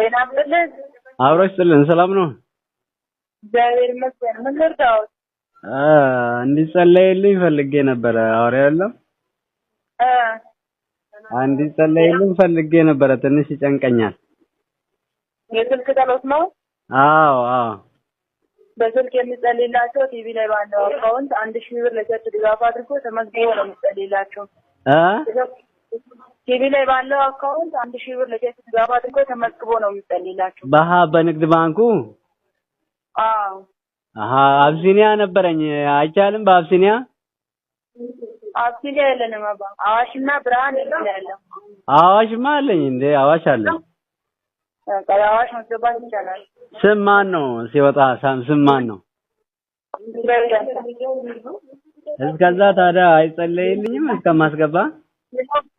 ጤና ብለን አብሮሽ ስልን ሰላም ነው። እግዚአብሔር ይመስገን። ምን ልርዳዎት? እንዲጸለይልኝ ፈልጌ ነበረ። አውሪያ የለም እንዲጸለይልኝ ፈልጌ ነበረ። ትንሽ ይጨንቀኛል። የስልክ ጸሎት ነው? አዎ አዎ። በስልክ የሚጸልይላቸው ቲቪ ላይ ባለው አካውንት አንድ ሺህ ብር ለቸርች ድጋፍ አድርጎ ተመዝግቦ ነው የሚጸልይላቸው እ ሲቪ ላይ ባለው አካውንት አንድ ሺህ ብር ልጆች ገባ አድርጎ ተመዝግቦ ነው የሚጠልላቸው። በሀ በንግድ ባንኩ አሀ አብሲኒያ ነበረኝ አይቻልም። በአብሲኒያ አብሲኒያ የለንም። አዋሽና ብርሃን ያለ አዋሽማ አለኝ እንዴ አዋሽ አለኝ። አዋሽ መገባት ይቻላል። ስም ማን ነው? ሲወጣ ስም ማን ነው? እስከዛ ታዲያ አይጸለይልኝም እስከማስገባ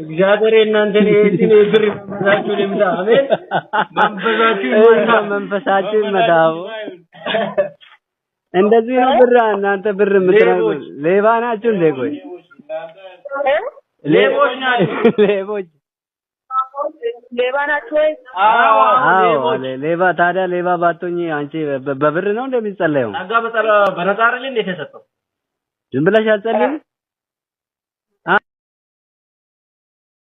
እግዚአብሔር እናንተን ይሄን ብር መንፈሳችሁ ይምታ። አሜን። መንፈሳችሁ ይመጣ፣ መንፈሳችሁ ይመጣ። እንደዚህ ነው ብራ እናንተ ብር የምትረጉ ሌባ ናችሁ እንዴ? ቆይ ሌቦች ናችሁ፣ ሌቦች ሌባ ታዲያ ሌባ ባቶኝ አንቺ በብር ነው እንደሚጸለየው አጋ በነፃ አይደል እንዴ የተሰጠው? ዝም ብለሽ አትጸልይም?